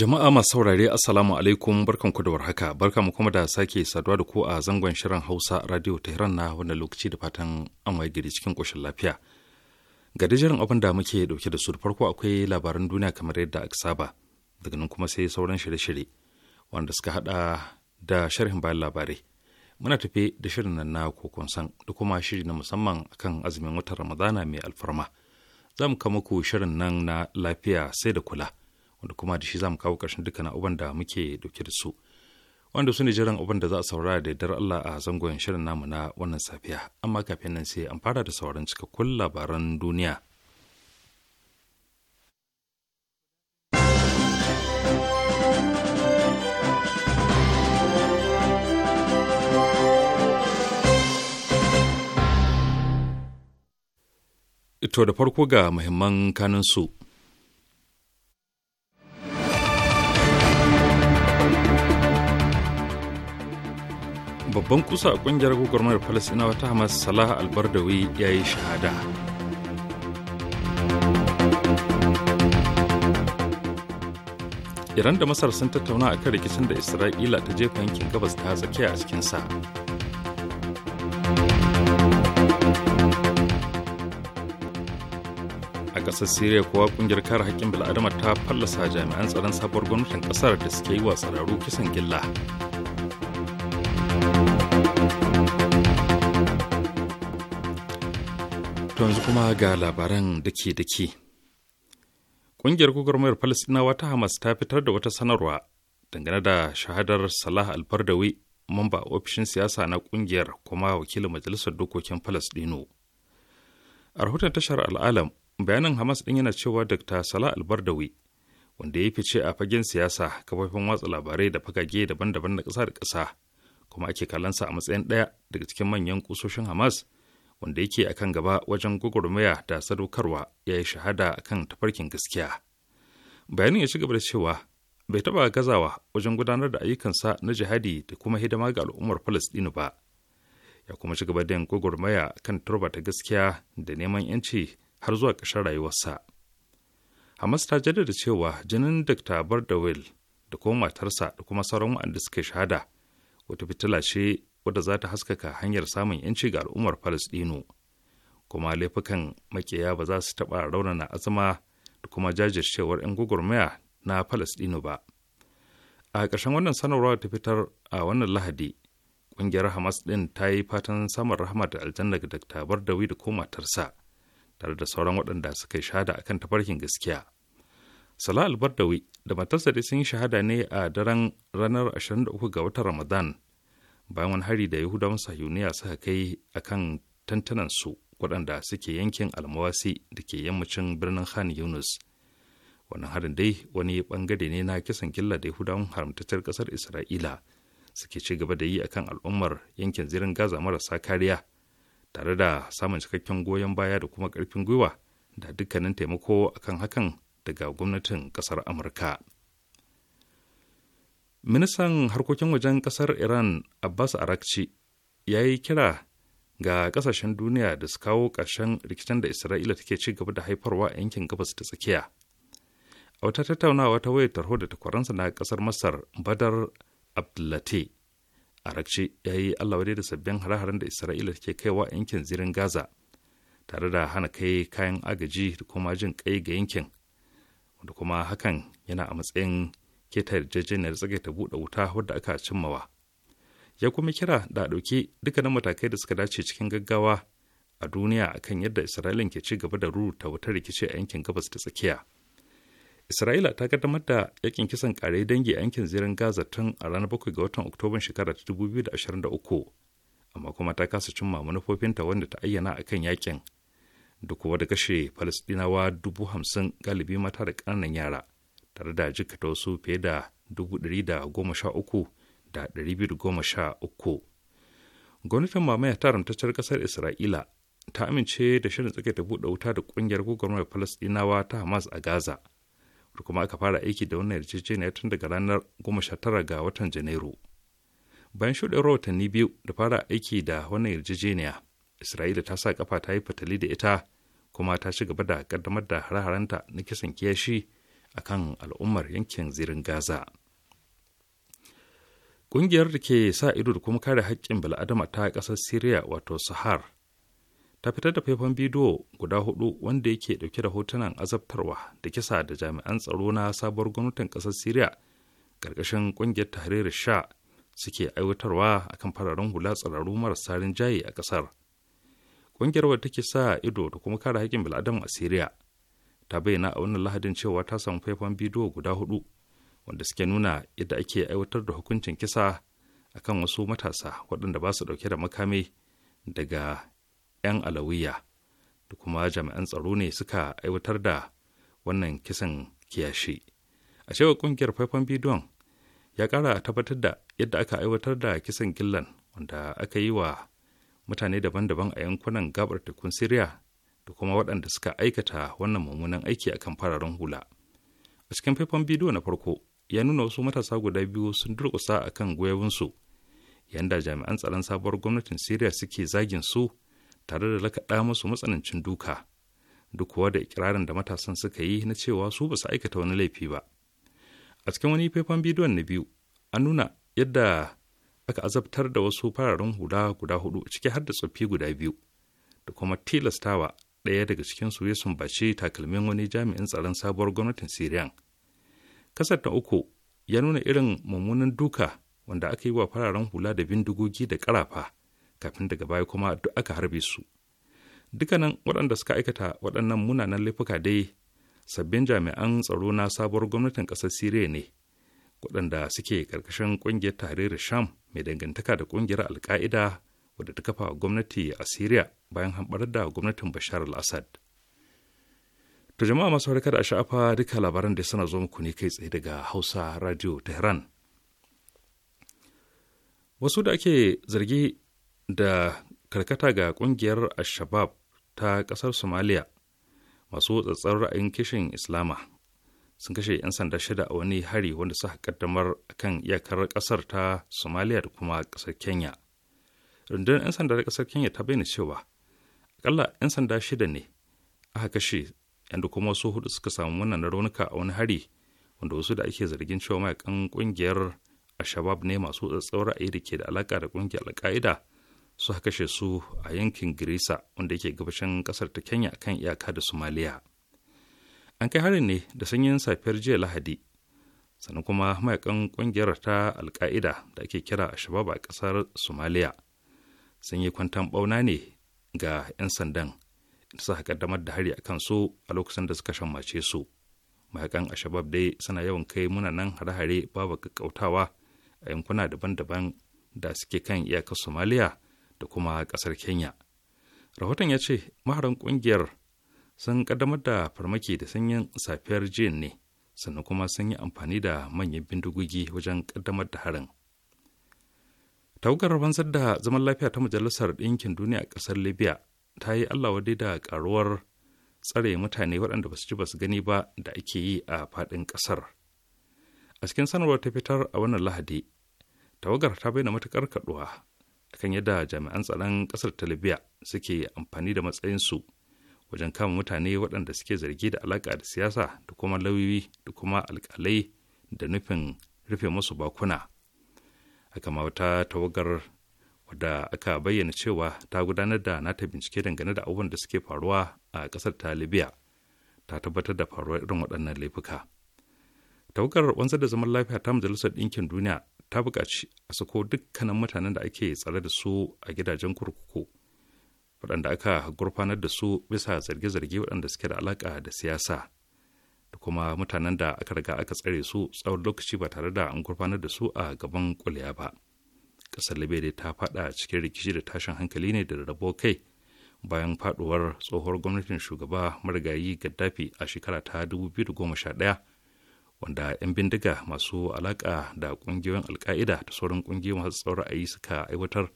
Jama'a masu saurare Assalamu alaikum barkanku da warhaka barka mu kuma da sake saduwa da ku a zangon shirin Hausa Radio Tehran na wannan lokaci da fatan an waye gari cikin koshin lafiya. Ga dajiyar abin da muke dauke da su da farko akwai labaran duniya kamar yadda aka saba daga nan kuma sai sauran shirye-shirye wanda suka hada da sharhin bayan labarai. Muna tafe da shirin nan na kokon san da kuma shiri na musamman akan azumin watan Ramadana mai alfarma. zamu mu kama ku shirin nan na lafiya sai da kula. wanda kuma da shi za mu kawo ƙarshen dukkan abubuwan da muke ɗauke da su wanda su ne jiran abin da za a saurara da dar Allah a zangon shirin namu na wannan safiya amma kafin nan sai an fara da sauran cikakkun labaran duniya ito da farko ga muhimman kanunsu babban kusa a kungiyar gwagwarmayar falasinawa ta hamas salah albardawi ya yi shahada iran da masar sun tattauna a kan rikicin da isra'ila ta jefa yankin gabas ta tsakiya a cikinsa a ƙasar siriya kuwa ƙungiyar kare haƙƙin bil'adama ta fallasa jami'an tsaron sabuwar gwamnatin ƙasar da suke yi wa tsararru kisan gilla To yanzu kuma ga labaran dake-dake. Ƙungiyar gwagwarmayar Falasɗinawa ta Hamas ta fitar da wata sanarwa dangane da shahadar Salah Alfardawi, mamba ofishin siyasa na kungiyar kuma wakilin Majalisar Dokokin Falasɗinu. A rahoton tashar Al'alam, bayanin Hamas ɗin yana cewa Dr. Salah Alfardawi, wanda ya yi fice a fagen siyasa, kafofin watsa labarai da fagage daban-daban na kasa da kasa kuma ake kalansa a matsayin ɗaya daga cikin manyan kusoshin Hamas, wanda yake a kan gaba wajen gwagwarmaya da sadaukarwa ya yi shahada a kan tafarkin gaskiya bayanin ya ci gaba da cewa bai taɓa gazawa wajen gudanar da ayyukansa na jihadi da kuma hidima ga al'ummar falastinu ba ya kuma ci gaba da yin gwagwarmaya kan ta gaskiya da neman yanci har zuwa ƙarshen rayuwarsa hamas ta jaddada cewa jinin dr bardawil da kuma matarsa da kuma sauran waɗanda suka shahada wata fitila ce wadda za ta haskaka hanyar samun 'yanci ga al'ummar Falasɗinu. Kuma laifukan makiya ba za su taɓa raunana azama da kuma jajircewar 'yan gwagwarmaya na Falasɗinu ba. A ƙarshen wannan sanarwar ta fitar a wannan Lahadi, ƙungiyar Hamas ɗin ta yi fatan samun rahama da aljanna ga Dr. Bardawi da ko matarsa, tare da sauran waɗanda suka yi shahada akan tafarkin gaskiya. Salah al-Bardawi da matarsa dai sun yi shahada ne a daren ranar 23 ga watan Ramadan bayan wani hari da yahudawan sahiyuniya suka kai akan tantanansu waɗanda suke yankin almawasi da ke yammacin birnin khan yunus wannan harin dai wani bangare ne na kisan gilla da yahudawan haramtattar ƙasar isra'ila suke ci gaba da yi akan al'ummar yankin zirin gaza marasa kariya tare da samun cikakken goyon baya da kuma ƙarfin gwiwa da dukkanin taimako akan hakan daga gwamnatin ƙasar amurka ministan harkokin wajen ƙasar iran abbas arakci ya yi kira ga ƙasashen duniya da su kawo ƙarshen rikicin da isra'ila take ci gaba da haifarwa a yankin gabas ta tsakiya a wata tattaunawa ta wayar tarho da takwaransa na ƙasar masar badar abdullate arakci ya yi allah da sabbin hare-haren da isra'ila take kaiwa a yankin zirin gaza tare da hana kai kayan agaji da kuma jin kai ga yankin wanda kuma hakan yana a matsayin keta yarjejeniyar tsagaita buɗe wuta wadda aka cimmawa ya kuma kira da ɗauki na matakai da suka dace cikin gaggawa a duniya akan yadda isra'ila ke ci gaba da rurruta wutar rikici a yankin gabas ta tsakiya isra'ila ta kaddamar da yakin kisan kare dangi a yankin zirin gaza tun a ranar 7 ga watan oktoban shekara ta 2023 amma kuma ta kasa cimma manufofinta wanda ta ayyana a kan yakin da kuwa da kashe falasɗinawa dubu hamsin galibi mata da kananan yara tare da jikata wasu fiye da da uku gwamnatin mamaya ta ramtacciyar kasar isra'ila ta amince da shirin tsakai ta buɗe wuta da ƙungiyar gwamnatin falasɗinawa ta hamas a gaza da kuma aka fara aiki da wannan yarjejeniya tun daga ranar 19 ga watan janairu bayan shuɗewar watanni biyu da fara aiki da wannan yarjejeniya isra'ila ta sa kafa ta yi fatali da ita kuma ta ci gaba da kaddamar da hare-harenta na kisan kiyashi akan al'ummar yankin zirin gaza ƙungiyar da ke sa ido da kuma kare haƙƙin bala'adama ta ƙasar syria wato sahar ta fitar da faifan bidiyo guda hudu wanda yake ɗauke da hotunan azabtarwa da kisa da jami'an tsaro na sabuwar gwamnatin ƙasar syria ƙarƙashin ƙungiyar tahrir sha suke aiwatarwa akan fararen hula tsararru marasa jayi a ƙasar ƙungiyar wadda take sa ido da kuma kare haƙƙin bala'adama a syria ta bayyana a wannan lahadin cewa ta samu faifan bidiyo guda hudu wanda suke nuna yadda ake aiwatar da hukuncin kisa akan wasu matasa waɗanda ba su ɗauke da makami daga 'yan alawiya da kuma jami'an tsaro ne suka aiwatar da wannan kisan kiyashi a cewar ƙungiyar faifan bidiyon ya ƙara tabbatar da yadda aka aiwatar da kisan gillan wanda aka yi wa mutane daban-daban a yankunan gabar tekun siriya da kuma waɗanda suka aikata wannan mummunan aiki akan fararen hula a cikin faifan bidiyo na farko ya nuna wasu matasa guda biyu sun durƙusa a kan gwiwinsu yanda jami'an tsaron sabuwar gwamnatin Siriya suke zagin su tare da lakaɗa musu matsanancin duka duk kuwa da ikirarin da matasan suka yi na cewa su ba su aikata wani laifi ba a cikin wani faifan bidiyon na biyu an nuna yadda aka azabtar da wasu fararen hula guda hudu ciki har da tsoffi guda biyu da kuma tilastawa ɗaya daga cikinsu ya sumbaci takalmin wani jami'in tsaron sabuwar gwamnatin Siriyan. Kasar ta uku ya nuna irin mummunan duka wanda aka yi wa fararen hula da bindigogi da karafa kafin daga baya kuma duk aka harbe su. Dukkanin waɗanda suka aikata waɗannan munanan laifuka dai sabbin jami'an tsaro na sabuwar gwamnatin ƙasar syria ne waɗanda suke ƙarƙashin ƙungiyar tarihi Sham mai dangantaka da ƙungiyar Alƙa'ida wadda ta kafa gwamnati a Siriya bayan hamɓarar da gwamnatin Bashar al-Assad. To jama'a masu harkar a sha'afa duka labaran da suna zo muku ne kai tsaye daga Hausa Radio Tehran. Wasu da ake zargi da karkata ga kungiyar Al-Shabaab ta ƙasar Somalia masu tsatsar ra'ayin kishin Islama sun kashe 'yan sanda shida a wani hari wanda suka kaddamar kan iyakar ƙasar ta somaliya da kuma ƙasar Kenya. rundunar 'yan sanda da kasar kenya ta bayyana cewa akalla 'yan sanda shida ne aka kashe yadda kuma wasu hudu suka samu wannan raunuka a wani hari wanda wasu da ake zargin cewa mayakan kungiyar alshabab ne masu tsatsauwar ra'ayi da ke da alaka da kungiyar alka'ida su kashe su a yankin girisa wanda yake gabashin kasar ta kenya kan iyaka da somaliya an kai harin ne da sanyin safiyar jiya lahadi sannan kuma mayakan kungiyar ta alka'ida da ake kira alshabab a kasar somaliya sun yi kwantan bauna ne ga 'yan sandan da suka kaddamar da hari a su a lokacin da suka shammace su mayakan ashabab dai suna yawan kai munanan hare-hare babu kakkautawa a yankuna daban-daban da suke kan iyakar somaliya da kuma ƙasar kenya rahoton ya ce maharan ƙungiyar sun kaddamar da farmaki da sanyin safiyar jin ne sannan kuma sun yi amfani da manyan bindigogi wajen kaddamar da harin tawagar wanzar da zaman lafiya ta majalisar ɗinkin duniya a ƙasar libya ta yi allah wadai da ƙaruwar tsare mutane waɗanda ba su ji ba su gani ba da ake yi a faɗin ƙasar a cikin sanarwar ta fitar a wannan lahadi tawagar ta bayyana matuƙar kaɗuwa kan yadda jami'an tsaron ƙasar ta libya suke amfani da matsayinsu wajen kama mutane waɗanda suke zargi da alaƙa da siyasa da kuma lauyoyi da kuma alƙalai da nufin rufe musu bakuna a ma wata tawagar wadda aka bayyana cewa ta gudanar da nata bincike dangane da abubuwan da suke faruwa a ƙasar ta libya ta tabbatar da faruwar irin waɗannan laifuka tawagar wanzar da zaman lafiya ta majalisar ɗinkin duniya ta buƙaci a sako dukkanin mutanen da ake tsare da su a gidajen kurkuku waɗanda aka gurfanar da su bisa zarge-zarge waɗanda suke da alaƙa da siyasa kuma mutanen da aka riga aka tsare su tsawon lokaci ba tare da an gurfanar da su a gaban kuliya ba ƙasar liberia ta faɗa cikin rikici da tashin hankali ne da rabo kai bayan faɗuwar tsohuwar gwamnatin shugaba marigayi gaddafi a shekara ta 2011 wanda 'yan bindiga masu alaƙa da ƙungiyoyin alka'ida da sauran ƙungiyoyi masu tsaurin ra'ayi suka aiwatar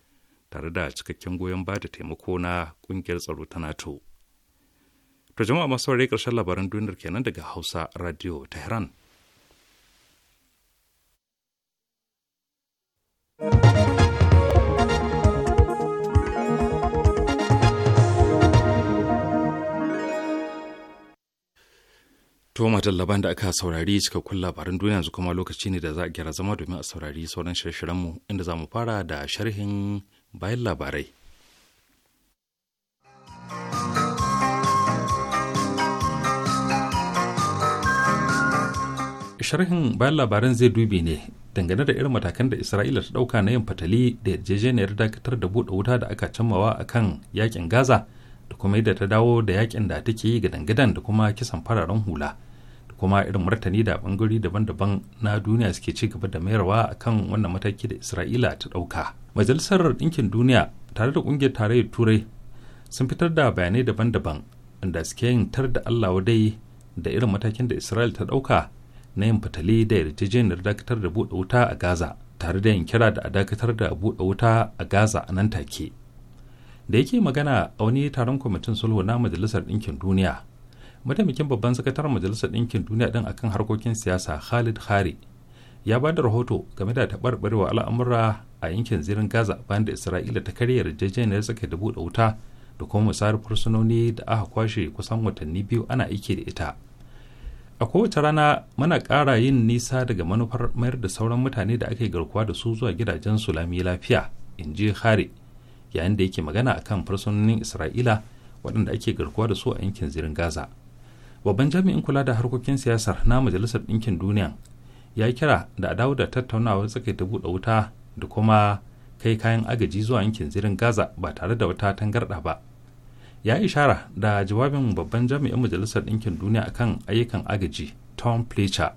tare da cikakken goyon ba da taimako na ƙungiyar tsaro ta nato To jama'a masu saurari ƙarshen labaran duniyar kenan daga Hausa Radio Tehran. To matallaban da aka saurari cikakkun labaran duniya yanzu kuma lokaci ne da za a gyara zama domin a saurari sauran shirye-shiryenmu inda za mu fara da sharhin bayan labarai. sharhin bayan labaran zai dubi ne dangane da irin matakan da isra'ila ta dauka na yin fatali da yarjejeniyar dakatar da buɗe wuta da aka cammawa a kan yakin gaza da kuma yadda ta dawo da yakin da take yi ga dangadan da kuma kisan fararen hula da kuma irin martani da bangare daban-daban na duniya suke ci gaba da mayarwa a kan wannan mataki da isra'ila ta dauka majalisar ɗinkin duniya tare da ƙungiyar tarayyar turai sun fitar da bayanai daban-daban inda suke yin tar da allah wadai da irin matakin da isra'ila ta dauka na yin fitali da yarjejeniyar dakatar da buɗe wuta a gaza tare da yin kira da a dakatar da buɗe wuta a gaza a nan take da yake magana a wani taron kwamitin sulhu na majalisar ɗinkin duniya mataimakin babban sakataren majalisar ɗinkin duniya ɗin akan harkokin siyasa khalid Hari ya ba da rahoto game da taɓarɓarewa al'amura a yankin zirin gaza bayan da isra'ila ta karya yarjejeniyar tsakai da buɗe wuta da kuma musayar fursunoni da aka kwashe kusan watanni biyu ana aiki da ita a kowace rana muna ƙara yin nisa daga manufar mayar da sauran mutane da ake garkuwa da su zuwa gidajen su lami lafiya in ji hari yayin da yake magana akan fursunonin isra'ila waɗanda ake garkuwa da su a yankin zirin gaza babban jami'in kula da harkokin siyasar na majalisar ɗinkin duniya ya kira da a dawo da tattaunawar tsakaita buɗe wuta da kuma kai kayan agaji zuwa yankin zirin gaza ba tare da wata tangarɗa ba ya ishara da jawabin babban jami'in majalisar ɗinkin duniya a kan ayyukan agaji tom fletcher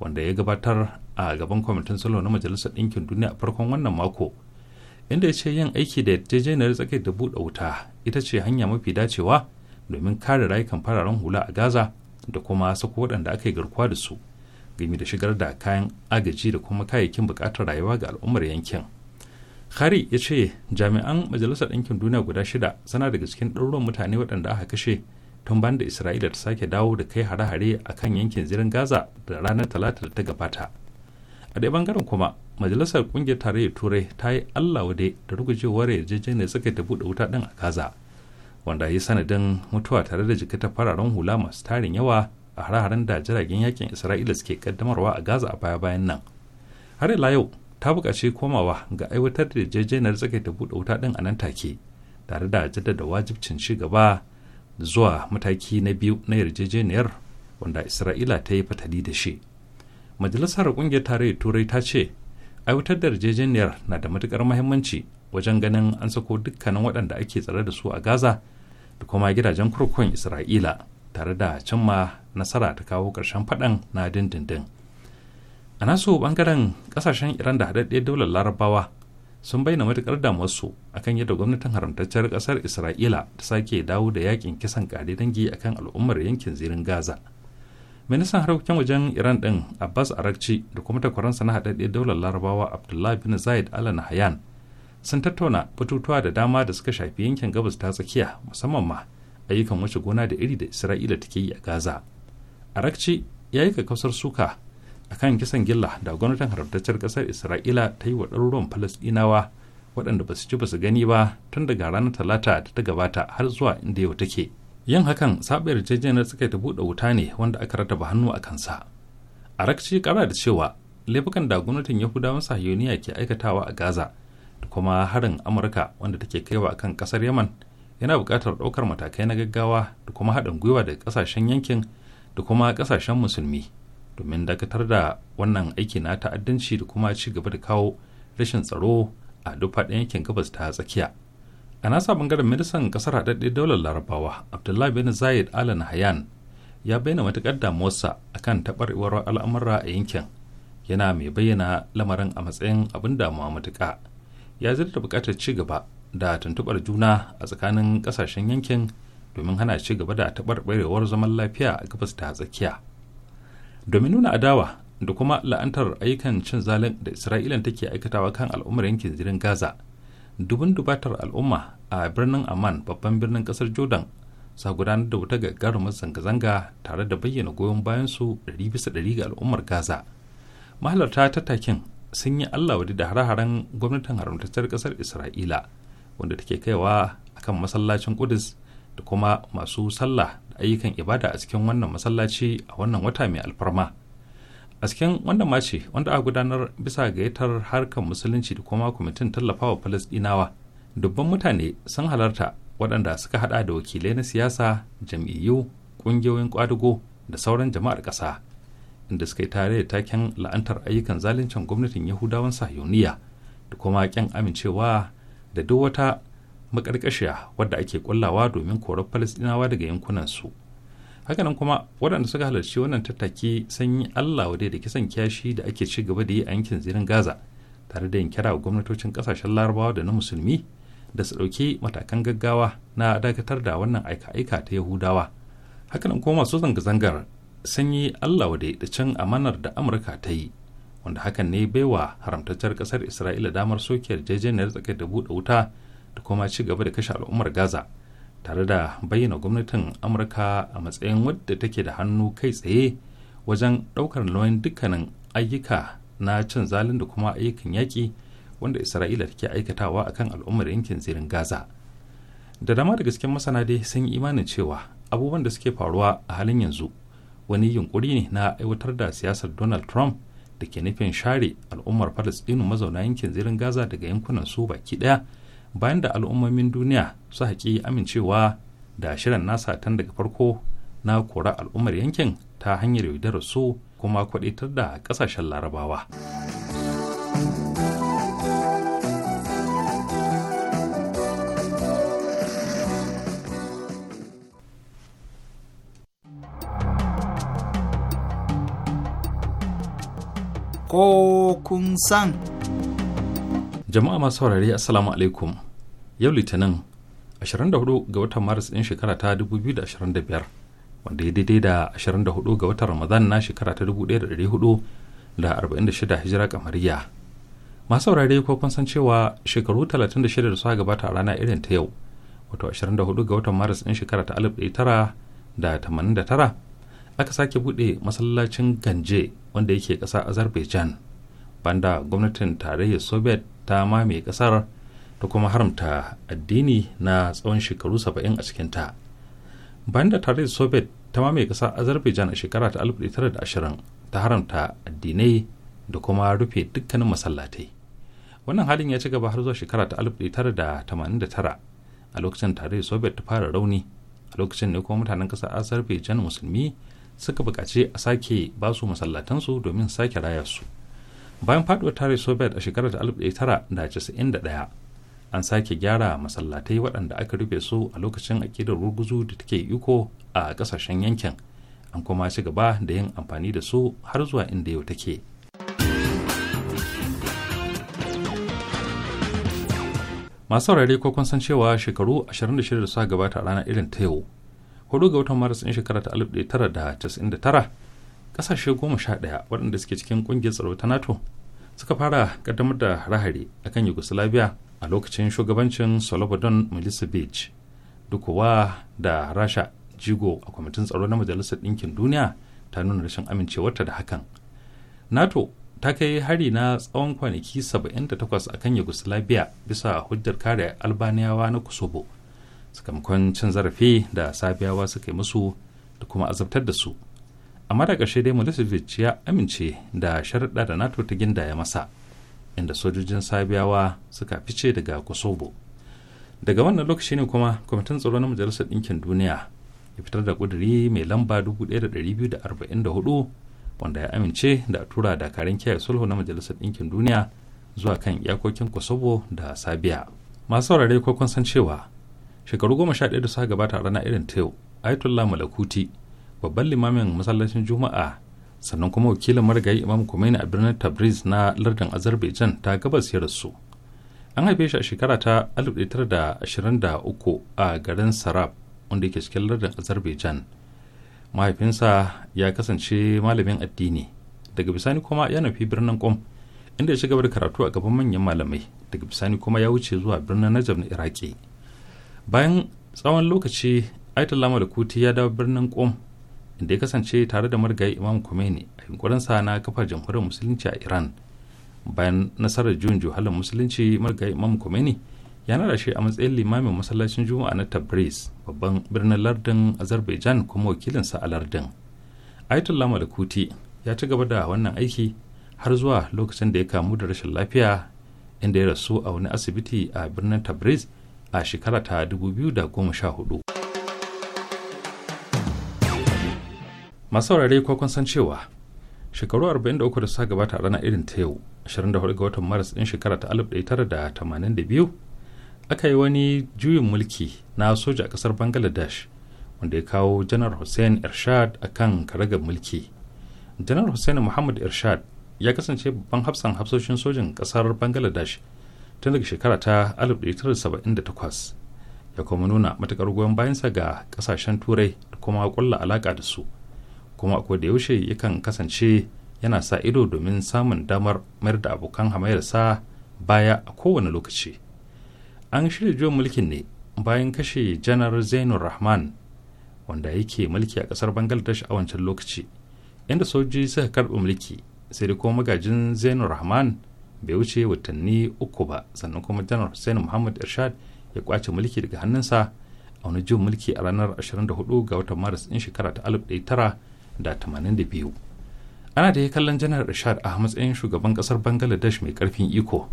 wanda ya gabatar a gaban kwamitin salo na majalisar ɗinkin duniya a farkon wannan mako inda ya ce yin aiki da yarjejeniyar tsakai da buɗe wuta ita ce hanya mafi dacewa domin kare rayukan fararen hula a gaza da kuma sako waɗanda aka yi garkuwa da su game da shigar da kayan agaji da kuma kayayyakin buƙatar rayuwa ga al'ummar yankin. hari ya ce jami'an Majalisar Ɗinkin Duniya guda shida sana daga cikin ɗaruruwan mutane waɗanda aka kashe tun ban da Isra'ila ta sake dawo da kai hare-hare a kan yankin zirin Gaza da ranar Talata da ta gabata. A ɗaya bangaren kuma Majalisar Ƙungiyar Tarayyar Turai ta yi Allah wade da rugujewar yarjejeniyar suka ta buɗe wuta ɗin a Gaza wanda ya sanadin mutuwa tare da jikata fararen hula masu tarin yawa a hare-haren da jiragen yakin Isra'ila suke kaddamarwa a Gaza a baya-bayan nan. Har ila yau ta bukaci komawa ga aiwatar da yarjejeniyar ta buɗe wuta ɗin a nan take tare da jaddada wajibcin ci gaba zuwa mataki na biyu na yarjejeniyar wanda isra'ila ta yi fatali da shi majalisar ƙungiyar tarayyar turai ta ce aiwatar da yarjejeniyar na da matukar muhimmanci wajen ganin an sako dukkanin waɗanda ake tsare da su a gaza da kuma gidajen kurkukun isra'ila tare da cimma nasara ta kawo ƙarshen faɗan na dindindin. a nasu bangaren kasashen iran da haɗaɗɗiyar daular larabawa sun bayyana matukar damuwarsu akan yadda gwamnatin haramtacciyar kasar isra'ila ta sake dawo da yakin kisan kare dangi akan al'ummar yankin zirin gaza ministan harkokin wajen iran din abbas arakci da kuma takwaransa na haɗaɗɗiyar daular larabawa abdullahi bin zayed al nahyan sun tattauna batutuwa da dama da suka shafi yankin gabas ta tsakiya musamman ma ayyukan wuce gona da iri da isra'ila take yi a gaza arakci ya yi kakkausar suka akan kisan gilla da gwamnatin haramtaccen kasar isra'ila ta yi wa ɗaruruwan falasɗinawa waɗanda ba su ci ba su gani ba tun daga ranar talata da ta gabata har zuwa inda yau take yin hakan saɓa jejjenar suka ta buɗe wuta ne wanda aka rataba hannu a kansa a rakci ƙara da cewa laifukan da gwamnatin yahudawan sahiyoniya ke aikatawa a gaza da kuma harin amurka wanda take kaiwa a kan ƙasar yaman yana buƙatar ɗaukar matakai na gaggawa da kuma haɗin gwiwa daga ƙasashen yankin da kuma ƙasashen musulmi domin dakatar da wannan aiki na ta'addanci da kuma ci gaba da kawo rashin tsaro a duk faɗin yankin gabas ta tsakiya a nasa bangaren ministan kasar haɗaɗɗe daular larabawa abdullahi bin zayed alan hayan ya bayyana matuƙar damuwarsa akan taɓarɓarwar al'amura a yankin yana mai bayyana lamarin a matsayin abin damuwa matuƙa ya zarta buƙatar ci gaba da tuntuɓar juna a tsakanin ƙasashen yankin domin hana ci gaba da taɓarɓarewar zaman lafiya a gabas ta tsakiya domin nuna adawa da kuma la'antar ayyukan cin zalin da isra'ila take aikatawa kan al'ummar yankin zirin gaza dubin dubatar al'umma a birnin amman babban birnin kasar jordan sa gudanar da wuta gagarumar zanga-zanga tare da bayyana goyon bayan su 100% ga al'ummar gaza mahalarta tattakin sun yi allah wadi da hare-haren gwamnatin haramtattar kasar isra'ila wanda take kaiwa akan masallacin kudus da kuma masu sallah da ayyukan ibada a cikin wannan masallaci a wannan wata mai alfarma a cikin wannan mace wanda a gudanar bisa gayyatar harkar musulunci da kuma kwamitin tallafawa falasdinawa dubban mutane sun halarta waɗanda suka haɗa da wakilai na siyasa jam'iyyu ƙungiyoyin ƙwadago da sauran jama'ar ƙasa inda suka yi tare da taken la'antar ayyukan zaluncin gwamnatin yahudawan sahiyoniya da kuma ƙyan amincewa da duk wata makarkashiya wadda ake kullawa domin korar falasɗinawa daga yankunansu hakanan kuma waɗanda suka halarci wannan tattaki sun yi allah wadai da kisan kyashi da ake ci gaba da yi a yankin zirin gaza tare da yin kira gwamnatocin ƙasashen larabawa da na musulmi da su ɗauki matakan gaggawa na dakatar da wannan aika-aika ta yahudawa hakanan kuma masu zanga-zangar sun yi allah wadai da cin amanar da amurka ta yi wanda hakan ne baiwa haramtaccen ƙasar isra'ila damar soke yarjejeniyar tsakar da buɗe wuta da kuma ci gaba da kashe al'ummar gaza tare da bayyana gwamnatin amurka a matsayin wadda take da hannu kai tsaye wajen ɗaukar nauyin dukkanin ayyuka na cin zalin da kuma ayyukan yaƙi wanda isra'ila take aikatawa akan al'ummar yankin zirin gaza da dama da gasken masana dai sun yi imanin cewa abubuwan da suke faruwa a halin yanzu wani yunkuri ne na aiwatar da siyasar donald trump da ke nufin share al'ummar falastinu mazauna yankin zirin gaza daga yankunan su baki ɗaya bayan da al'ummomin duniya su haƙi amincewa da shirin nasa tun daga farko na kora al'ummar yankin ta hanyar yaudarar su kuma kwaɗitar da ƙasashen larabawa. Ko kun san. jama'a masu saurari assalamu alaikum yau litinin 24 ga watan maris ɗin shekara ta 2025 wanda ya daidai da 24 ga watan ramadan na shekara ta 1446 hijira kamariya masu saurari ko kun san cewa shekaru 36 da suka gabata a rana irin ta yau wato 24 ga watan maris ɗin shekara ta 1989 aka sake buɗe masallacin ganje wanda yake ƙasa azerbaijan banda gwamnatin tarayyar soviet ta mamaye kasar ta kuma haramta addini na tsawon shekaru 70 a ta bayan da tarayyar soviet ta mamaye kasar azerbaijan a shekara ta 1920 ta haramta addinai da kuma rufe dukkanin masallatai wannan halin ya ci gaba har zuwa shekara ta 1989 a lokacin tarayyar soviet ta fara rauni a lokacin ne kuma mutanen kasar azerbaijan musulmi suka buƙaci a sake basu masallatansu domin sake raya su bayan faduwar tare soviet a shekarar 1991 an sake gyara masallatai waɗanda aka rufe su a lokacin akidar ruguzu da take iko a ƙasashen yankin an kuma ci gaba da yin amfani da su har zuwa inda yau take masu saurare ko kun san cewa shekaru 26 da suka gabata a ranar irin ta yau 4 ga watan maris in shekara ta 1999 kasashe goma sha ɗaya waɗanda suke cikin ƙungiyar tsaro ta nato suka fara ƙaddamar da rahari akan yugoslavia a lokacin shugabancin solobodon milicevic dukowa da rasha jigo a kwamitin tsaro na majalisar ɗinkin duniya ta nuna rashin amincewarta da hakan nato ta kai hari na tsawon kwanaki 78 a kan yugoslavia bisa hujjar kare albaniyawa na kosovo sakamakon cin zarafi da sabiyawa suka yi musu da kuma azabtar da su a da ƙarshe dai milosevic ya amince da sharaɗa da nato ta gindaya masa inda sojojin sabiyawa suka fice daga kosovo daga wannan lokaci ne kuma kwamitin tsaro na majalisar ɗinkin duniya ya fitar da ƙuduri mai lamba 1244 wanda ya amince da tura dakarun kiyaye sulhu na majalisar ɗinkin duniya zuwa kan iyakokin kosovo da sabiya masu saurare ko kun san cewa shekaru goma sha ɗaya da suka gabata a rana irin ta yau ayatollah malakuti babban limamin masallacin juma'a sannan kuma wakilin marigayi imam Khomeini a birnin tabriz na lardin azerbaijan ta gabas ya rasu an haife shi a shekara ta 1923 a garin sarab wanda yake cikin lardin azerbaijan mahaifinsa ya kasance malamin addini daga bisani kuma ya nufi birnin kom inda ya ci gaba da karatu a gaban manyan malamai daga bisani kuma ya wuce zuwa birnin najab na iraki bayan tsawon lokaci aitul kuti ya dawo birnin kom da ya kasance tare da marigayi imam Khomeini a yunkurinsa na kafar jamhuriyar musulunci a iran bayan nasarar juyin juhalin musulunci marigayi imam Khomeini ya nada shi a matsayin limamin masallacin juma'a na tabriz babban birnin lardin azerbaijan kuma wakilinsa a lardin ayatollah malakuti ya ci gaba da wannan aiki har zuwa lokacin da ya kamu da rashin lafiya inda ya rasu a wani asibiti a birnin tabriz a shekara ta 2014 masu saurare ko kun san cewa shekaru 43 da suka gabata a ranar irin ta yau 24 ga watan maris din shekara ta 1982 aka yi wani juyin mulki na soja a kasar bangladesh wanda ya kawo janar hussein irshad a kan karagar mulki janar hussein muhammad irshad ya kasance babban hafsan hafsoshin sojin kasar bangladesh tun daga shekara ta 1978 ya kuma nuna matukar goyon bayansa ga ƙasashen turai da kuma kulla alaka da su kuma a da yaushe yakan kasance yana sa ido domin samun damar mayar da abokan hamayarsa baya a kowane lokaci an shirya juyin mulkin ne bayan kashe janar zainul rahman wanda yake mulki a kasar bangladesh a wancan lokaci inda soji suka karɓi mulki sai da kuma magajin zainul rahman bai wuce watanni uku ba sannan kuma janar hussein muhammad irshad ya kwace mulki daga hannunsa a wani juyin mulki a ranar 24 ga watan maris din shekara ta 1900 da ana da ya kallon janar rashad a matsayin shugaban kasar bangladesh mai karfin iko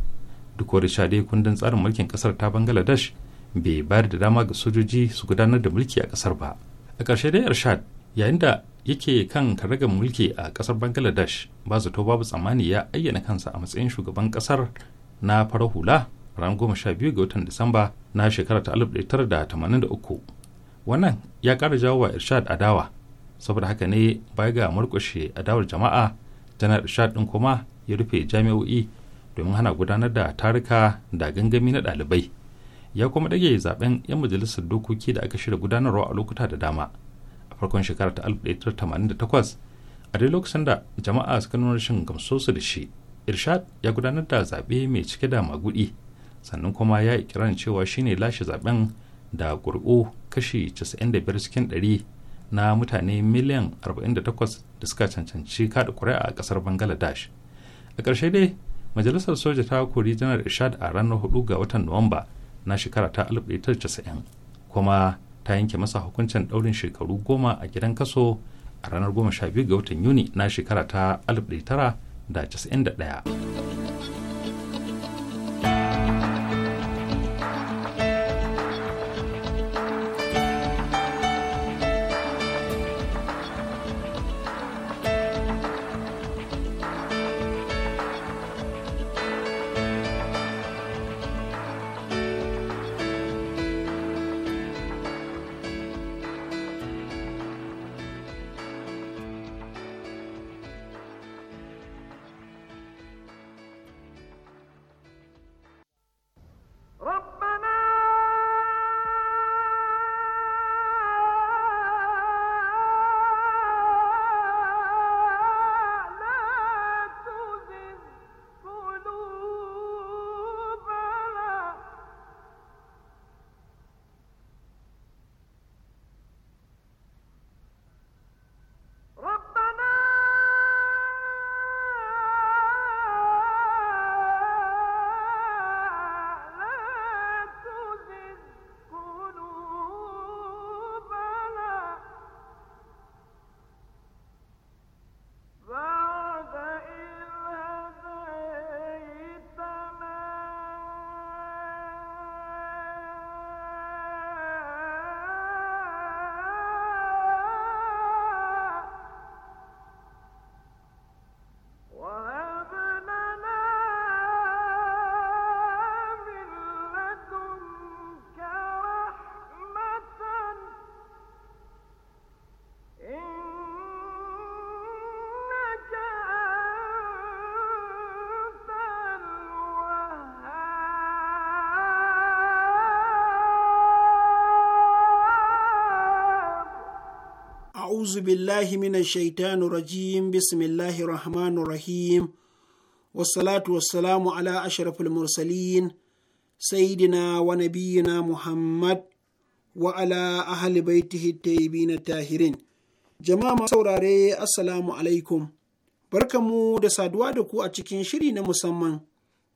duk wani sha dai kundin tsarin mulkin kasar ta bangladesh bai bayar da dama ga sojoji su gudanar da mulki a kasar ba a ƙarshe dai rashad yayin da yake kan karagar mulki a kasar bangladesh ba zato babu tsammani ya ayyana kansa a matsayin shugaban kasar na fara hula ran goma sha biyu ga watan disamba na shekara ta uku. wannan ya ƙara jawo wa irshad adawa saboda haka ne baya ga murkushe adawar jama'a janar rashad din kuma ya rufe jami'o'i domin hana gudanar da taruka da gangami na ɗalibai ya kuma ɗage zaben 'yan majalisar dokoki da aka shirya gudanarwa a lokuta da dama a farkon shekara ta 1988 a dai lokacin da jama'a suka nuna rashin gamsosu da shi irshad ya gudanar da zaɓe mai cike da magudi sannan kuma ya yi kiran cewa shine lashe zaben da ƙuri'u kashi 95 cikin ɗari. na mutane miliyan 48 da suka cancanci kada kuri'a a kasar bangladesh a ƙarshe dai majalisar soja ta kori janar ishad a ranar 4 ga watan nuwamba na shekara ta 1990 kuma ta yanke masa hukuncin ɗaurin shekaru goma a gidan kaso a ranar 12 ga watan yuni na shekara ta 1991 a'uzu billahi minash shaitani rajim bismillahir rahmanir rahim wassalatu wassalamu ala ashrafil mursalin sayyidina wa nabiyyina muhammad wa ala ahli baitihi tayyibin tahirin jama'a masu saurare assalamu alaikum barkamu da saduwa da ku a cikin shiri na musamman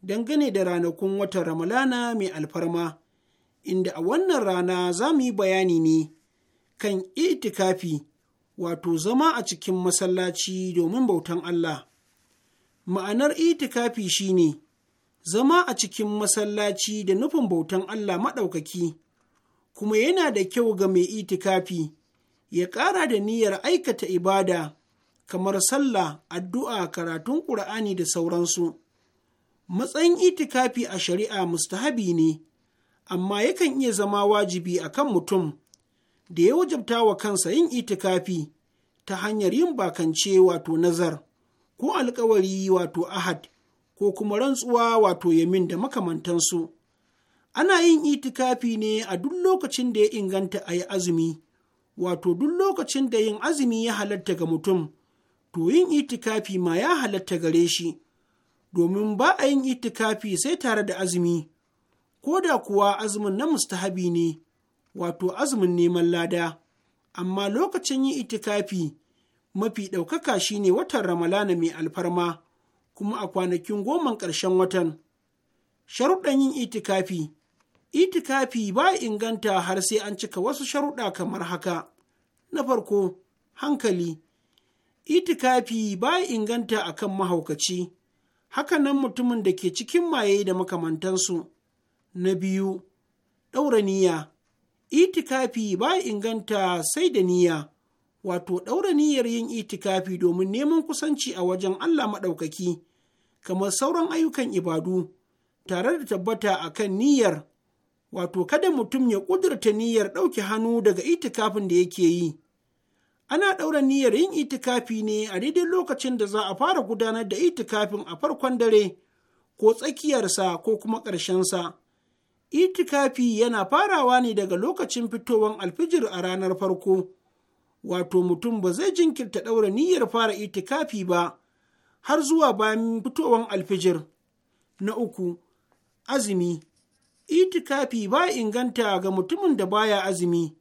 dangane da ranakun watan ramalana mai alfarma inda a wannan rana za mu yi bayani ne kan itikafi wato zama a cikin masallaci domin bautan Allah. Ma'anar itikafi shi ne zama a cikin masallaci da nufin bautan Allah maɗaukaki, kuma yana da kyau ga mai itikafi ya ƙara da niyyar aikata ibada kamar sallah, addu'a, karatun ƙur'ani da sauransu. Matsayin itikafi a shari'a mustahabi ne, amma yakan iya zama wajibi a kan mutum. da ya wajabta wa kansa yin itikafi ta hanyar yin bakance wato nazar ko alkawari wato ahad ko kuma rantsuwa wato yamin da makamantansu ana yin itikafi ne a duk lokacin da ya inganta a yi azumi wato duk lokacin da yin azumi ya halatta ga mutum to yin itikafi ma ya halatta gare shi domin ba a yin itikafi sai tare da azumi ko da kuwa azumin na mustahabi ne wato azumin neman lada amma lokacin yin itikafi mafi ɗaukaka shi ne watan ramalana mai alfarma kuma a kwanakin goman ƙarshen watan sharuɗan yin itikafi itikafi ba inganta har sai an cika wasu sharuɗa kamar haka na farko hankali itikafi ba inganta a kan mahaukaci haka nan mutumin da ke cikin maye da makamantansu na biyu ɗaura niyya itikafi ba inganta sai da niyya wato ɗaura niyyar yin itikafi domin neman kusanci a wajen Allah maɗaukaki kamar sauran ayyukan ibadu tare da tabbata a kan niyyar wato kada mutum ya ƙudurta niyyar ɗauke hannu daga itikafin da yake yi ana ɗaura niyyar yin itikafi ne a daidai lokacin da za a fara gudanar da itikafin a farkon dare ko tsakiyarsa ko kuma ƙarshensa. itikafi yana farawa ne daga lokacin fitowan alfijir a ranar farko wato mutum ba zai jinkirta ɗaura niyyar fara itikafi ba har zuwa bayan fitowan alfijir na uku azumi itikafi ba inganta ga mutumin da baya azumi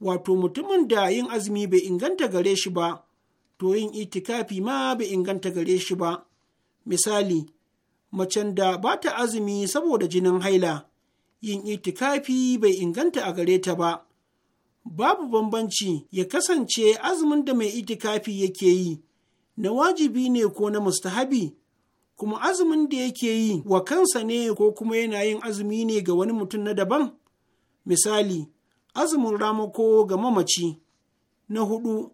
wato mutumin da yin azumi bai inganta gare shi ba to yin itikafi ma bai inganta gare shi ba misali macen da ba ta azumi saboda jinin haila yin itikafi bai inganta a gare ta ba babu bambanci ya kasance azumin da mai itikafi yake yi na wajibi ne ko na mustahabi kuma azumin da yake yi wa kansa ne ko kuma yana yin azumi ne ga wani mutum na daban misali azumin ramako ga mamaci na hudu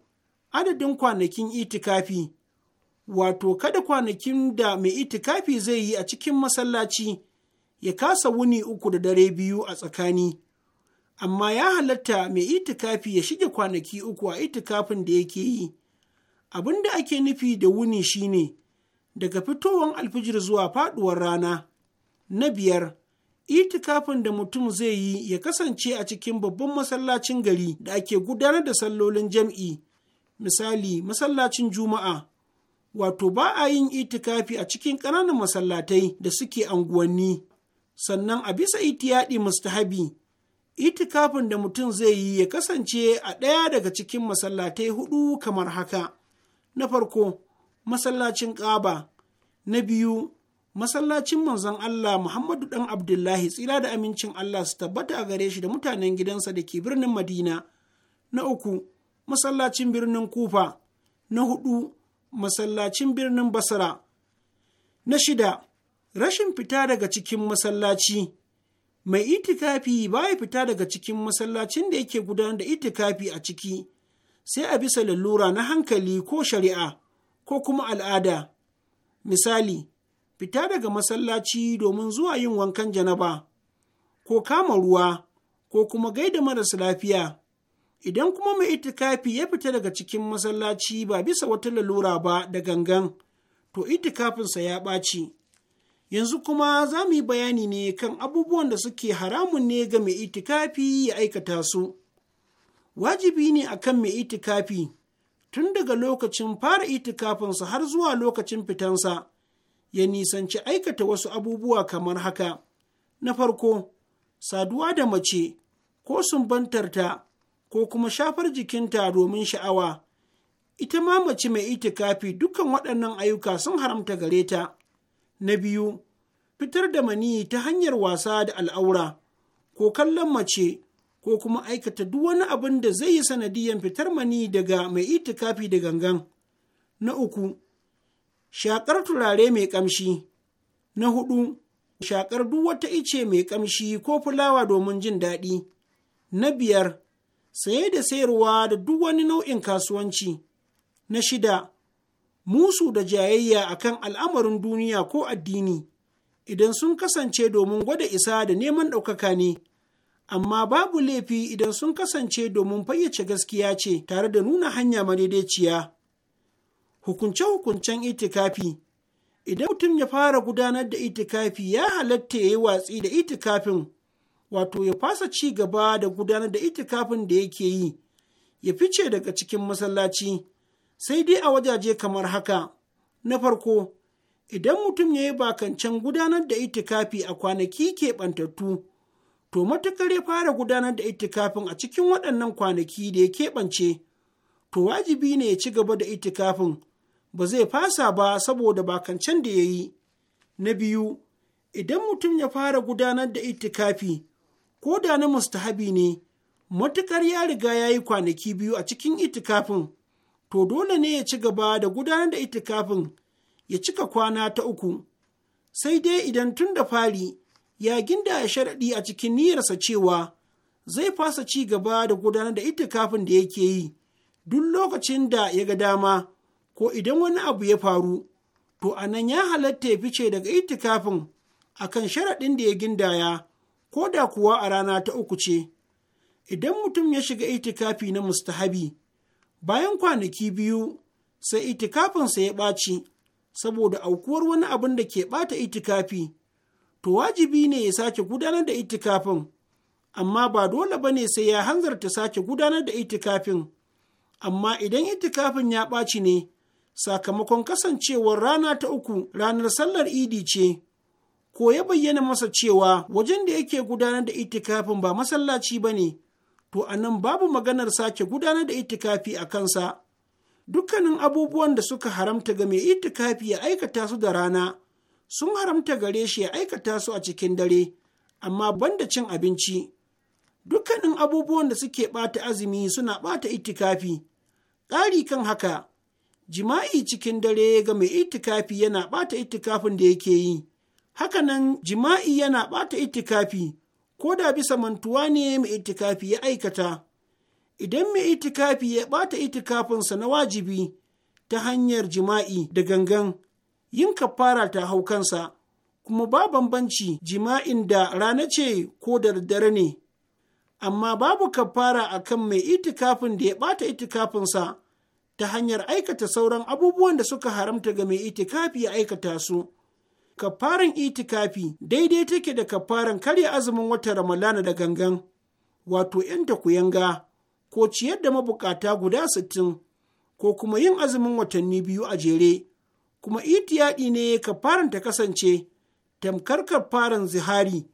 adadin kwanakin itikafi wato kada kwanakin da mai itikafi zai yi a cikin masallaci ya kasa wuni uku da dare biyu a tsakani amma ya halatta mai itikafi ya shige kwanaki uku a itikafin da yake yi abin da ake nufi da wuni shine daga fitowar alfijir zuwa faduwar rana na biyar itikafin da mutum zai yi ya kasance a cikin babban masallacin gari da ake gudanar da sallolin jam'i misali masallacin juma'a wato ba a yin itikafi a cikin ƙananan masallatai da suke anguwanni sannan a bisa itiyaɗi mustahabi itikafin da mutum zai yi ya kasance a ɗaya daga cikin masallatai hudu kamar haka na farko masallacin ƙaba na biyu masallacin manzon Allah Muhammadu ɗan Abdullahi tsira da amincin Allah su tabbata a gare shi da mutanen gidansa da ke birnin Madina na uku masallacin birnin Kufa na hudu masallacin birnin Basra na shida rashin fita daga cikin masallaci mai itikafi baya fita daga cikin masallacin da yake gudanar da itikafi a ciki sai a bisa lalura na hankali ko shari'a ko kuma al'ada misali fita daga masallaci domin zuwa yin wankan janaba ko kama ruwa ko kuma gaida marasa lafiya idan kuma mai itikafi ya fita daga cikin masallaci ba bisa wata lalura ba da gangan to itikafinsa ya ɓaci Yanzu kuma za mu yi bayani ne kan abubuwan da suke haramun ne ga mai itikafi ya aikata su. Wajibi ne a kan mai itikafi tun daga lokacin fara itikafinsa har zuwa lokacin fitansa, ya nisanci aikata wasu abubuwa kamar haka. Na farko, saduwa da mace ko sumbantarta ko kuma shafar jikinta domin sha'awa. Ita ma mace mai itikafi dukkan waɗannan ayyuka sun haramta gare ta. Na biyu, fitar da maniyi ta hanyar wasa da al'aura, ko kallon mace, ko kuma aikata duk wani abin da zai yi sanadiyan fitar mani daga mai itikafi da gangan. Na uku, shakar turare mai ƙamshi. Na hudu, shakar duk wata ice mai ƙamshi ko fulawa domin jin daɗi. Na biyar, saye da sayarwa da duk wani nau'in kasuwanci. Na shida, musu da jayayya akan al'amarin duniya ko addini idan sun kasance domin gwada isa da neman ɗaukaka ne amma babu laifi idan sun kasance domin fayyace gaskiya ce tare da nuna hanya madaidaiciya hukunce-hukuncen itikafi idan mutum ya fara gudanar da itikafi ya halatta ya yi watsi da itikafin wato ya fasa ci gaba da gudanar da itikafin da yake yi ya fice daga cikin masallaci sai dai a wajaje kamar haka na farko idan mutum ya yi bakancan gudanar da itikafi a kwanaki keɓantattu to matukar ya fara gudanar da itikafin a cikin waɗannan kwanaki da ya keɓance to wajibi ne ya ci gaba da itikafin ba zai fasa ba saboda bakancan da ya yi na biyu idan mutum ya fara gudanar da itikafi ko da na mustahabi ne matukar ya riga ya yi kwanaki biyu a cikin itikafin to dole ne ya ci gaba da gudanar da itikafin ya cika kwana ta uku, sai dai idan tun da fari ya ginda ya sharaɗi a cikin niyyarsa cewa zai fasa ci gaba da gudanar da itikafin da yake yi duk lokacin da ya ga dama ko idan wani abu ya faru, to anan ya halatta ya fice daga itikafin akan sharaɗin da ya gindaya ko da kuwa a rana ta uku ce. Idan mutum ya shiga itikafi na mustahabi, bayan kwanaki biyu sai itikafinsa ya ɓaci saboda aukuwar wani abin da ke ɓata itikafi to wajibi ne ya sake gudanar da itikafin amma ba dole ba ne sai ya hanzarta sake gudanar da itikafin amma idan itikafin ya ɓaci ne sakamakon kasancewar rana ta uku ranar sallar idi ce ko ya bayyana masa cewa wajen da yake gudanar da itikafin ba masallaci ba ne to a nan babu maganar sake gudanar da itikafi a kansa dukkanin abubuwan da suka haramta ga mai itikafi ya aikata su da rana sun haramta gare shi ya aikata su a cikin dare amma banda cin abinci dukkanin abubuwan da suke ɓata azumi suna ɓata itikafi ƙari kan haka jima'i cikin dare ga mai itikafi yana ɓata itikafin da yake yi Haka nan, jima'i yana ɓata itikafi ko da bisa mantuwa ne mai itikafi ya aikata idan mai itikafi ya ɓata itikafinsa na wajibi ta hanyar jima'i da gangan yin kafara ta hau kansa kuma ba bambanci jima'in da rana ce ko da daddare ne amma babu kafara a kan mai itikafin da ya ɓata itikafinsa ta hanyar aikata sauran abubuwan da suka haramta ga mai itikafi ya aikata su kafaran itikafi daidai take da kafaran karya azumin wata ramalana da gangan wato yan takuyanga ko ciyar da mabukata guda sittin ko kuma yin azumin watanni biyu a jere kuma itiyaɗi ne kafaran ta kasance tamkar kafaran zihari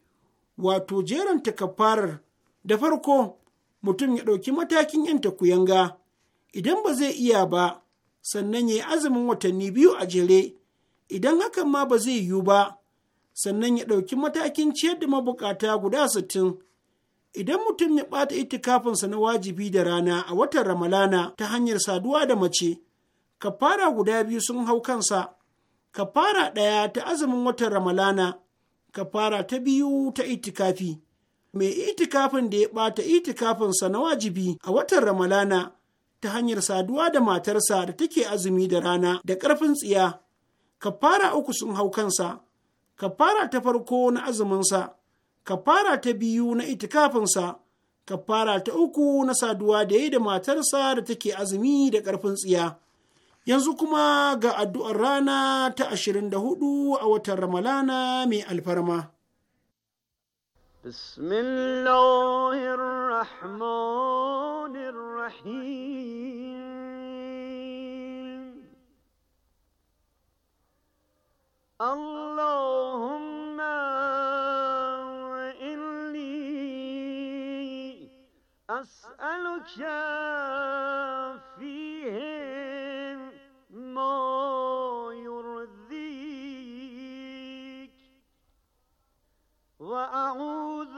wato jeran ta kafarar da farko mutum ya ɗauki matakin yan takuyanga idan ba zai iya ba sannan ya yi azumin watanni biyu a jere idan hakan ma ba zai yiwu ba sannan ya ɗauki matakin ciyar da mabukata guda sittin idan mutum ya ɓata itikafinsa na wajibi da rana a watan ramalana ta hanyar saduwa da mace kafara guda biyu sun hau kansa kafara ɗaya ta azumin watan ramalana kafara ta biyu ta itikafi mai itikafin da ya ɓata itikafinsa na wajibi a watan ramalana ta hanyar saduwa da matarsa da take azumi da rana da ƙarfin tsiya kafara uku sun hau kansa kafara ta farko na azuminsa kafara ta biyu na itikafinsa kafara ta uku na saduwa da ya da matarsa da take azumi da ƙarfin tsiya yanzu kuma ga addu'ar rana ta ashirin da hudu a watan ramalana mai alfarma بسم اللهم وإني أسألك فيهم ما يرضيك وأعوذ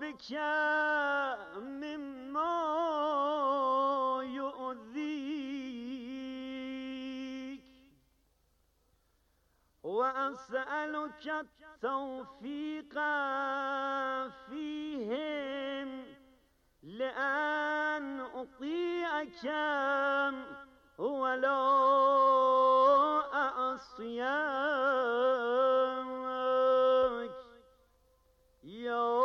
بك وأسألك التوفيق فيهم لأن أطيعك ولو أعصيك يوم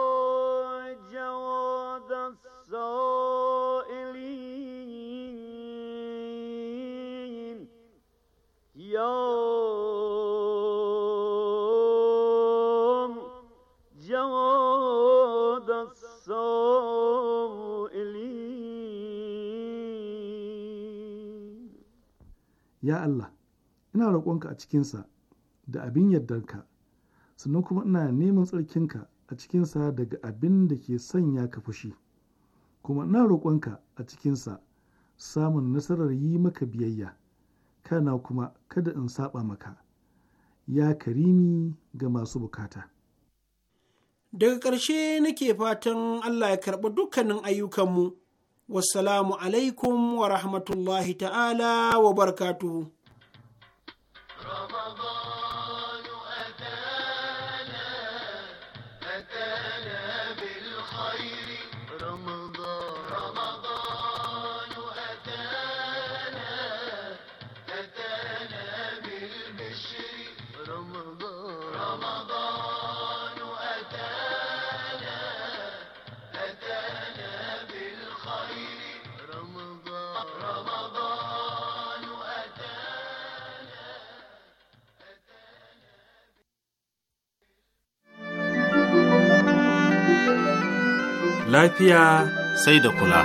Ya Allah, ina roƙonka a cikinsa da abin yardarka, sannan kuma ina neman tsarkinka a cikinsa daga abin da ke sanya ka fushi, kuma ina roƙonka a cikinsa samun nasarar yi maka biyayya, kana kuma kada in saba maka, ya karimi ga masu bukata. Daga ƙarshe nake fatan Allah ya karɓi dukkanin ayyukanmu. wassalamu alaikum wa rahmatullahi ta'ala wa barkatu. lafiya sai da kula.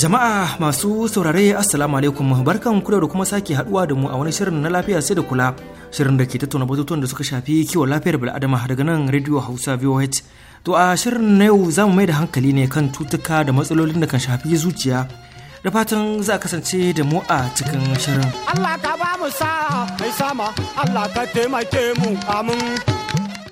Jama'a masu saurare Assalamu alaikum barkan ku da kuma sake haduwa da mu a wani shirin na lafiya sai da kula shirin da ke tattauna batutuwan da suka shafi kiwon lafiyar bil'adama daga nan Radio Hausa VOH. To a shirin na yau zamu mai da hankali ne kan cutuka da matsalolin da kan shafi zuciya da fatan za a kasance da mu a cikin shirin. Allah ka ba mu sa'a mai sama Allah ka taimake mu amin.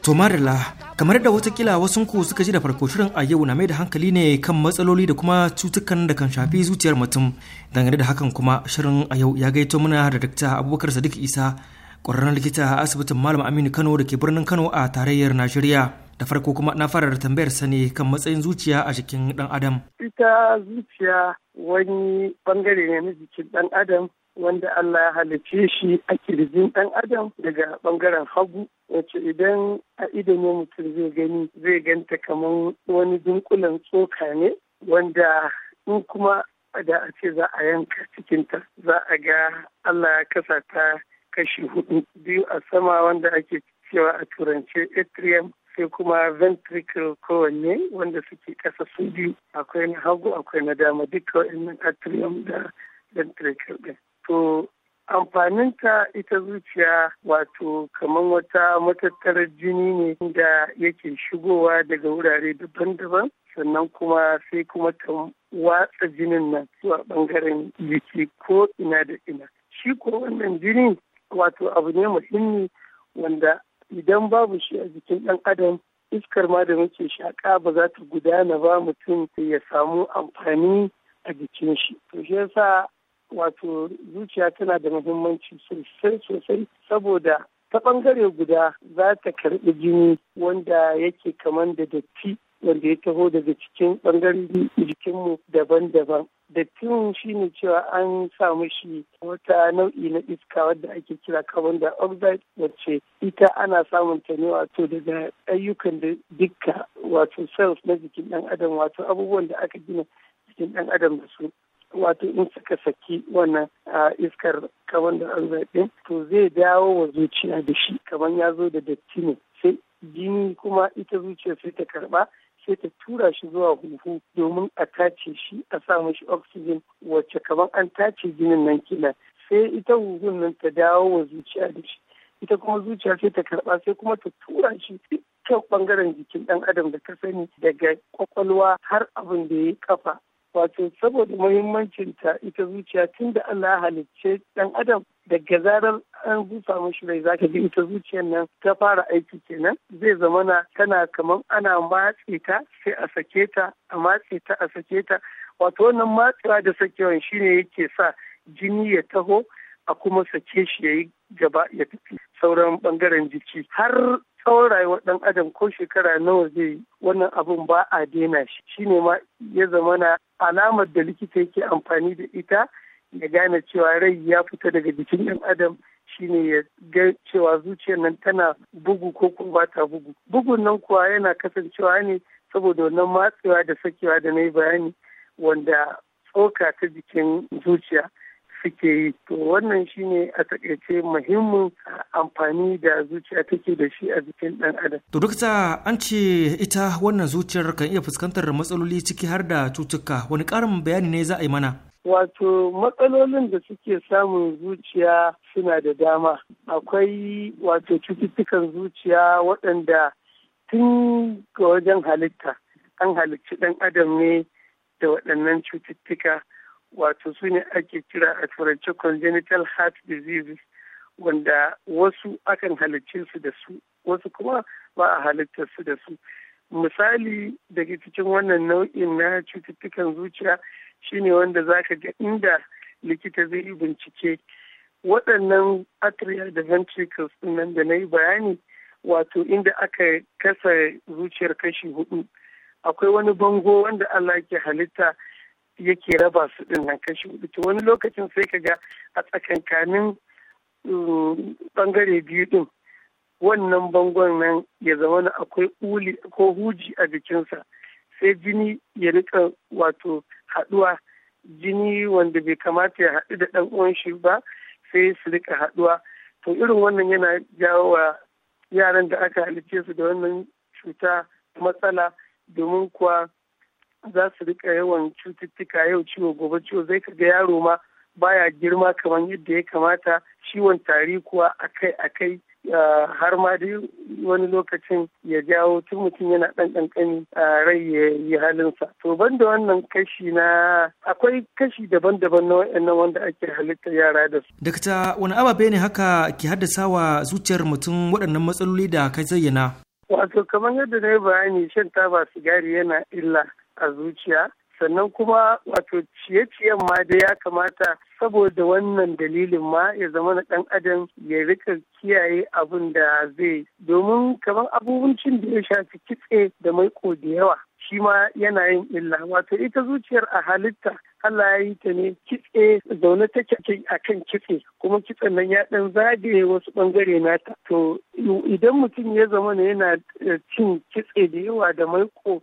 To marilla kamar da watakila wasu ku suka ji da farko shirin a yau na mai da hankali ne kan matsaloli da kuma cutukan da kan shafi zuciyar mutum dangane da hakan kuma shirin a yau ya gaito mana da dr abubakar sadiq isa ƙwararren likita a asibitin malam aminu kano da ke birnin kano a tarayyar najeriya da farko kuma na fara da tambayar sani kan matsayin zuciya a jikin dan adam ita zuciya wani bangare ne na jikin dan adam wanda Allah ya halicce shi a kirjin ɗan adam daga ɓangaren hagu wace idan a idanu mutum zai gani zai ganta kamar wani dunkulen tsoka ne wanda in kuma da a ce za a yanka cikinta za a ga Allah ya kasa ta kashi hudu biyu a sama wanda ake cewa a turance atrium sai kuma ventricle kowanne wanda suke ƙasa su biyu akwai na hagu akwai na dama duka wa'annan atrium da ventricle ɗin. To amfaninta ita zuciya wato kamar wata matattarar jini ne da yake shigowa daga wurare daban-daban sannan kuma sai kuma ta watsa jinin nan zuwa bangaren jiki ko ina da ina shi ko wannan jini wato abu ne muhimmi wanda idan babu shi a jikin ɗan adam iskar ma da muke shaƙa ba za ta gudana ba mutum ya samu amfani a jikin shi to shi yasa wato zuciya tana da muhimmanci sosai sosai saboda ta ɓangare guda za ta karɓi jini wanda yake kaman da datti wanda ya taho daga cikin ɓangaren jikinmu daban-daban dattin shi ne cewa an samu shi wata nau'i na iska wadda ake kira carbon dioxide wacce ita ana samun ta ne wato daga ayyukan da dukka wato cells na jikin dan adam wato abubuwan da aka gina jikin dan adam da su wato in suka saki wannan iskar carbon dioxide din. to zai dawo wa zuciya da shi kamar ya zo da datti ne sai jini kuma ita zuciya sai ta karba. sai ta tura shi zuwa huhu domin a tace shi a sa mashi oxygen wacce kamar an tace jinin nan kila sai ita huhun nan ta dawo wa zuciya da shi ita kuma zuciya sai ta karba sai kuma ta tura shi dukkan bangaren jikin dan adam da ta sani daga kwakwalwa har abin da ya kafa wato saboda muhimmancinta ita zuciya tun da Allah ya halicce dan adam daga zarar an busa mashi rai zaka ji ta zuciyar nan ta fara aiki kenan zai zama na tana kamar ana matse ta sai a sake ta a matse ta a sake ta wato wannan matsewa da sakewan shine yake sa jini ya taho a kuma sake shi ya yi gaba ya tafi sauran bangaren jiki har tsawon rayuwar dan adam ko shekara nawa zai wannan abun ba a daina shi shine ma ya zama na alamar da likita yake amfani da ita ya gane cewa rai ya fita daga jikin ɗan adam shine ya ga cewa zuciyar nan tana bugu ko kuma ba ta bugu bugun nan kuwa yana kasancewa ne saboda wannan matsewa da sakewa da na yi bayani wanda tsoka ta jikin zuciya suke yi to wannan shine a takaice muhimmin amfani da zuciya take da shi a jikin dan adam to dokta an ce ita wannan zuciyar kan iya fuskantar matsaloli ciki har da cutuka wani ƙarin bayani ne za a yi mana Wato matsalolin da suke samun zuciya suna da dama. Akwai wato cututtukan zuciya waɗanda tun ga wajen halitta an halicci ɗan adam ne da waɗannan cututtuka wato su ne ake kira a turance congenital heart diseases wanda wasu akan halicce su da su wasu kuma ba a halitta su da su misali daga cikin wannan nau'in na cututtukan zuciya shine wanda za ka ga inda likita zai yi bincike waɗannan atrial da ventricles nan da na yi bayani wato inda aka kasa zuciyar kashi hudu akwai wani bango wanda Allah ke halitta yake raba su ɗin nan kashi hudu to wani lokacin sai ka ga a tsakankanin bangare um, biyu ɗin wannan bangon nan ya zama na akwai uli ko huji a jikinsa sai jini ya rika wato haɗuwa jini wanda bai kamata ya haɗu da ɗan uwan shi ba sai su rika haɗuwa to irin wannan yana jawo wa yaran da aka halice su da wannan cuta matsala domin kuwa za su rika yawan cututtuka yau ciwo gobe ciwo zai ka ga yaro ma baya girma kamar yadda ya kamata ciwon tari kuwa akai akai har ma dai wani lokacin ya jawo tun mutum yana ɗan ƙanƙani rai ya yi halinsa. To ban da wannan kashi na akwai kashi daban-daban na wa'annan wanda ake halitta yara da su. Dakta wani ababe ne haka ke haddasa wa zuciyar mutum waɗannan matsaloli da ka zayyana? Wato kamar yadda na yi bayani shan taba sigari yana illa a zuciya sannan kuma wato ciye-ciyen ma da ya kamata saboda wannan dalilin ma ya zama na ɗan adam ya rika kiyaye abin da zai domin kamar abubuncin da ya shafi kitse da maiko da yawa shi ma yana yin illa wato ita zuciyar a halitta Allah ya yi ta ne kitse zaune ta kyakki a kan kitse kuma kitsen nan ya dan zagaye wasu bangare nata to idan mutum ya zama yana eh, cin kitse da yawa da maiko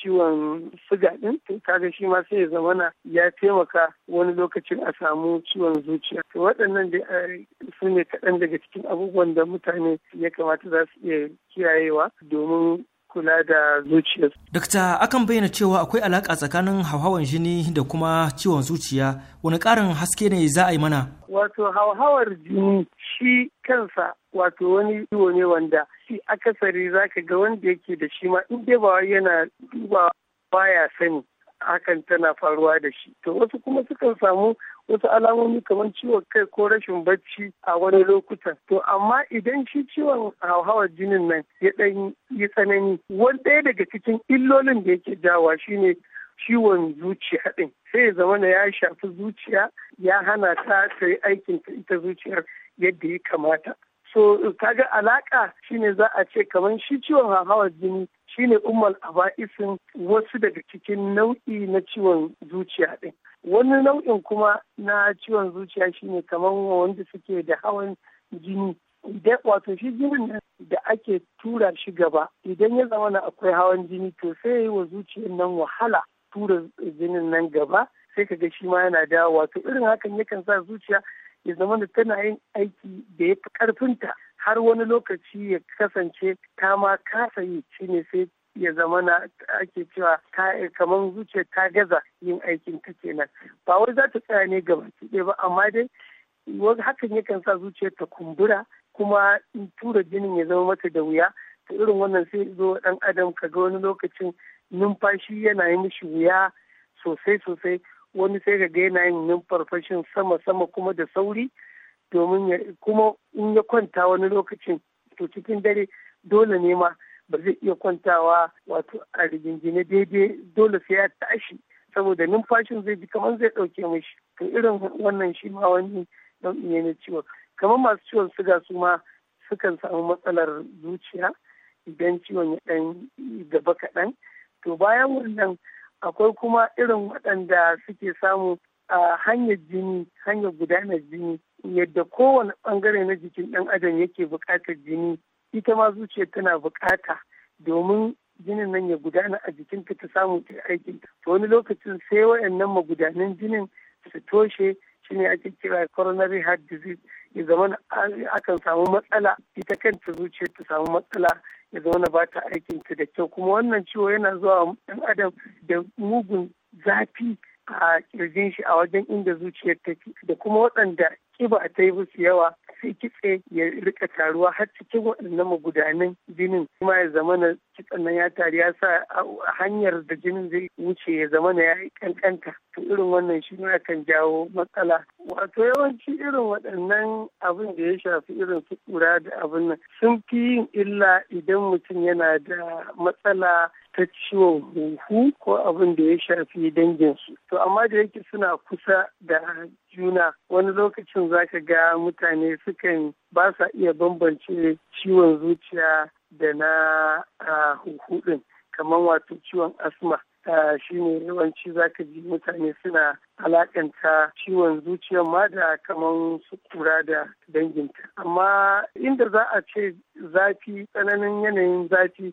ciwon suga din to kaga shi ma sai ya zamana ya taimaka wani lokacin a samu ciwon zuciya to waɗannan da su ne kaɗan daga cikin abubuwan da mutane ya kamata za su iya kiyayewa domin kula da zuciyar. Dokta akan bayyana cewa akwai alaƙa tsakanin hauhawar jini da kuma ciwon zuciya wani ƙarin haske ne za a yi mana. Wato hauhawar jini shi kansa wato wani ciwo ne wanda shi akasari za ka ga wanda yake da shi ma in dai ba yana duba baya sani hakan tana faruwa da shi to wasu kuma sukan samu wasu alamomi kamar ciwon kai ko rashin bacci a wani lokuta. to amma idan shi ciwon hauhawar jinin nan ya ɗan yi tsanani wani ɗaya daga cikin illolin da yake jawa shine ciwon zuciya ɗin sai ya zama ya shafi zuciya ya hana ta ta yi aikin ta ita zuciyar yadda ya kamata so ka kaga alaka shine za a ce kamar shi ciwon hauhawar jini shine umar aba'isin wasu daga cikin nau'i na ciwon zuciya ɗin wani nau'in kuma na ciwon zuciya shine kamar wanda suke da hawan jini idan wato shi jinin da ake tura shi gaba idan ya zama na akwai hawan jini to sai ya yi wa zuciyar nan wahala tura jinin nan gaba sai ka ga shi ma yana dawo wato irin hakan yakan sa zuciya ya zama da tana yin aiki da ya fi karfinta har wani lokaci ya kasance ta ma kasa yi shine sai ya zama na ake cewa kamar zuciya ta gaza yin aikin ta kenan ba wai za ta tsaya ne gaba ɗaya ba amma dai hakan yakan sa zuciya ta kumbura kuma tura jinin ya zama mata da wuya ta irin wannan sai zo ɗan adam ka ga wani lokacin numfashi yana yi mishi wuya sosai sosai wani sai ka ga yana yin numfarfashin sama sama kuma da sauri domin kuma in ya kwanta wani lokacin to cikin dare dole ne ma ba zai iya kwantawa wato a rigingine daidai dole sai ya tashi saboda numfashin zai bi kamar zai dauke mishi to irin wannan shi ma wani nau'i ne na ciwon kamar masu ciwon suga su ma sukan samu matsalar zuciya idan ciwon ya dan gaba kaɗan to bayan wannan akwai kuma irin waɗanda suke samu a hanyar jini hanyar gudanar jini yadda kowane ɓangare na jikin ɗan adam yake bukatar jini ita ma zuciyar tana bukata domin jinin nan ya gudana a jikinta ta samu ta aikin to wani lokacin sai wayannan magudanan jinin su toshe shine ake kira coronary heart disease ya zama akan samu matsala ita kanta zuciyar ta samu matsala ya zama ba ta aikin ta da kyau kuma wannan ciwo yana zuwa ɗan adam da mugun zafi a kirjin shi a wajen inda zuciyar take da kuma waɗanda ƙiba ta yi musu yawa sai kitse ya rika taruwa har cikin waɗannan magudanan jinin kuma ya zama na kitsen nan ya taru ya sa hanyar da jinin zai wuce ya zama na ya kankanta to irin wannan shi ne kan jawo matsala wato yawanci irin waɗannan abin da ya shafi irin su kura da abin nan sun fi yin illa idan mutum yana da matsala ta ciwon huhu ko abin da ya shafi danginsu. To amma da yake suna kusa da juna wani lokacin za ka ga mutane sukan ba sa iya bambance ciwon zuciya da na huhu ɗin kamar wato ciwon asma. shi ne yawanci za ka ji mutane suna alakanta ciwon zuciya ma da kamar su kura da danginta amma inda za a ce zafi tsananin yanayin zafi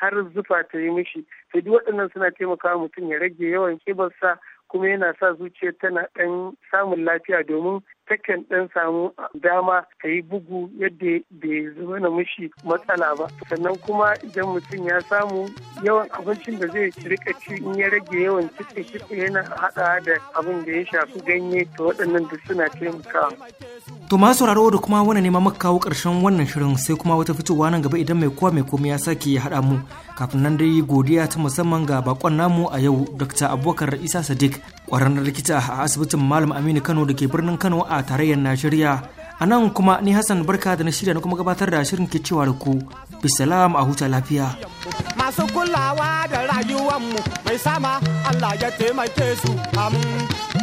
har zufa ta yi mishi sai duk waɗannan suna taimakawa mutum ya rage yawan kibarsa kuma yana sa zuciya tana ɗan samun lafiya domin takan ɗan samu dama ta yi bugu yadda bai zama na mushi matsala ba sannan kuma idan mutum ya samu yawan abincin da zai rika ci in ya rage yawan kitse kitse yana haɗa da abin da ya shafi ganye to waɗannan duk suna taimakawa. To masu sauraro da kuma wani neman maka kawo ƙarshen wannan shirin sai kuma wata fitowa nan gaba idan mai kowa mai komai ya sake ya haɗa mu kafin nan dai godiya ta musamman ga bakon namu a yau Dr. Abubakar Isa Sadiq ƙwararren likita a asibitin Malam Aminu Kano da ke birnin Kano a tarayyar Najeriya. A nan kuma ni Hassan Barka da na shirya na kuma gabatar da shirin ke cewa da ku bisalam a huta lafiya. Masu kulawa da rayuwar mu mai sama Allah ya taimake su